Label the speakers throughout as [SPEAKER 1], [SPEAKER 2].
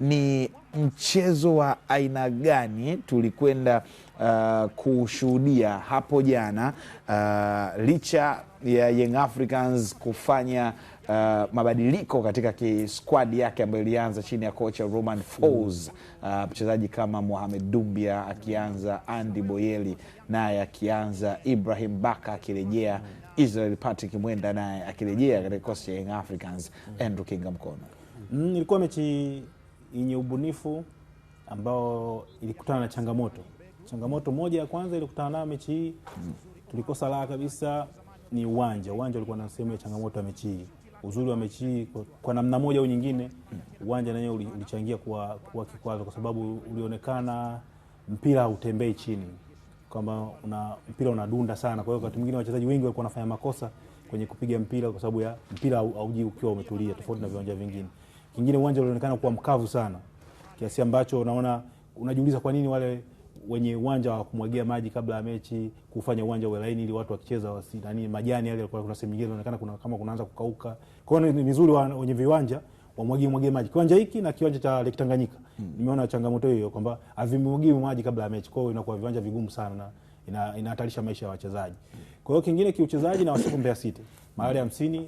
[SPEAKER 1] ni mchezo wa aina gani tulikwenda uh, kushuhudia hapo jana uh, licha ya Young Africans kufanya uh, mabadiliko katika kiskwadi yake ambayo ilianza chini ya kocha Roman Folz mm. uh, mchezaji uh, kama Mohamed Dumbia akianza, Andy Boyeli naye akianza, Ibrahim Baka akirejea, mm. Israel Patrick Mwenda naye akirejea katika kikosi cha Young Africans, mm. Andrew Kinga Mkono.
[SPEAKER 2] Mm, ilikuwa mechi yenye ubunifu ambao ilikutana na changamoto. Changamoto moja ya kwanza ilikutana nayo mechi hii mm. tulikosa raha kabisa ni uwanja. Uwanja ulikuwa na sehemu ya changamoto ya mechi hii. Uzuri wa mechi hii kwa, kwa namna moja au nyingine, uwanja naye ulichangia kuwa, kuwa kikwazo, kwa sababu ulionekana mpira hautembei chini, kwamba una, mpira unadunda sana. Kwa hiyo wakati mwingine wachezaji wengi walikuwa wanafanya makosa kwenye kupiga mpira, kwa sababu ya mpira hauji ukiwa umetulia, tofauti na viwanja vingine. Kingine uwanja ulionekana kuwa mkavu sana kiasi ambacho unaona unajiuliza kwa nini wale wenye uwanja wa kumwagia maji kabla ya mechi kufanya uwanja uwe laini ili watu wakicheza wasi nani majani yale yalikuwa kuna sehemu nyingine inaonekana kuna kama kunaanza kukauka. Kwa hiyo ni vizuri wenye viwanja wamwagie mwagie maji. Kiwanja hiki na kiwanja cha Lake Tanganyika. Hmm. Nimeona changamoto hiyo kwamba havimwagii maji kabla ya mechi. Kwa hiyo inakuwa viwanja vigumu sana na ina, inahatarisha maisha ya wachezaji. Hmm. Kwa hiyo kingine kiuchezaji na wasifu Mbeya City. Mahali 50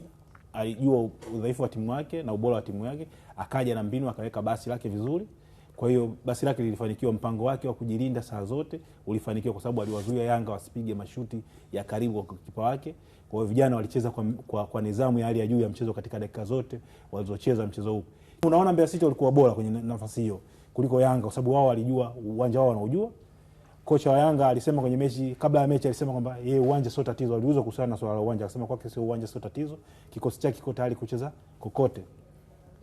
[SPEAKER 2] alijua udhaifu wa timu yake na ubora wa timu yake, akaja na mbinu akaweka basi lake vizuri. Kwa hiyo basi lake lilifanikiwa, mpango wake wa kujilinda saa zote ulifanikiwa, kwa sababu aliwazuia Yanga wasipige mashuti ya karibu kwa kipa wake. Kwa hiyo vijana walicheza kwa, kwa, kwa nidhamu ya hali ya juu ya mchezo katika dakika zote walizocheza mchezo huu. Unaona Mbeya City walikuwa bora kwenye nafasi hiyo kuliko Yanga, kwa sababu wao walijua uwanja wao wanaujua kocha wa Yanga alisema kwenye mechi, kabla ya mechi alisema kwamba yeye uwanja sio tatizo. aliuza kuhusiana na swala la uwanja, akasema kwake sio uwanja sio tatizo, kikosi chake kiko tayari kucheza kokote.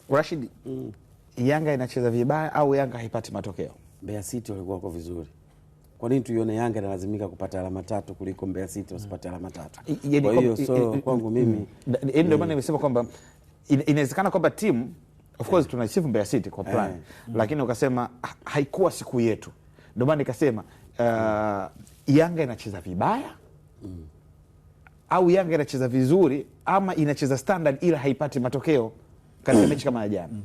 [SPEAKER 3] Rashid, mm. Yanga inacheza vibaya au Yanga haipati matokeo?
[SPEAKER 4] Mbeya City walikuwa wako vizuri, kwa nini tuione Yanga inalazimika kupata alama tatu kuliko Mbeya City wasipate alama tatu? Kwa hiyo so kwangu mimi mm.
[SPEAKER 3] ndio maana nimesema kwamba inawezekana kwamba timu of course eh. tunasifu Mbeya City kwa plan, eh. lakini ukasema haikuwa siku yetu, ndio maana nikasema uh, Yanga inacheza vibaya mm. au Yanga inacheza vizuri ama inacheza standard ila haipati matokeo katika mechi kama ya jana mm.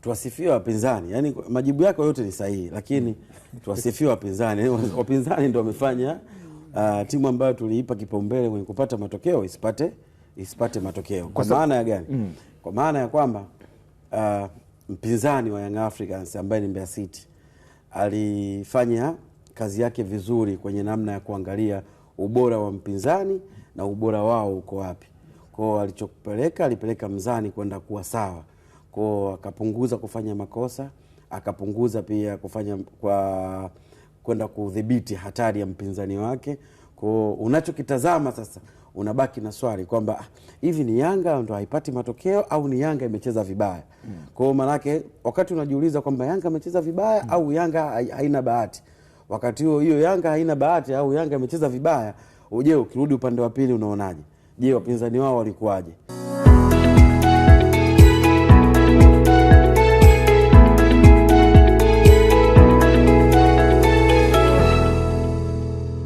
[SPEAKER 4] Tuwasifie wapinzani, yani majibu yako yote ni sahihi, lakini mm. tuwasifie wapinzani. Wapinzani ndio wamefanya uh, timu ambayo tuliipa kipaumbele kwenye kupata matokeo isipate isipate matokeo. Kwa maana ya gani? Mm. Kwa maana ya kwamba uh, mpinzani wa Young Africans ambaye ni Mbeya City alifanya kazi yake vizuri kwenye namna ya kuangalia ubora wa mpinzani na ubora wao uko wapi. Kwao alichopeleka alipeleka mzani kwenda kuwa sawa kwao, akapunguza kufanya makosa, akapunguza pia kufanya kwa kwenda kudhibiti hatari ya mpinzani wake. Kwao unachokitazama sasa unabaki na swali kwamba ah, hivi ni Yanga ndo haipati matokeo au ni Yanga imecheza vibaya? Mm. Kwa hiyo maanake wakati unajiuliza kwamba Yanga amecheza vibaya mm. au Yanga haina bahati, wakati huo hiyo Yanga haina bahati au Yanga imecheza vibaya, uje ukirudi upande wa pili unaonaje? Je, wapinzani wao walikuwaje?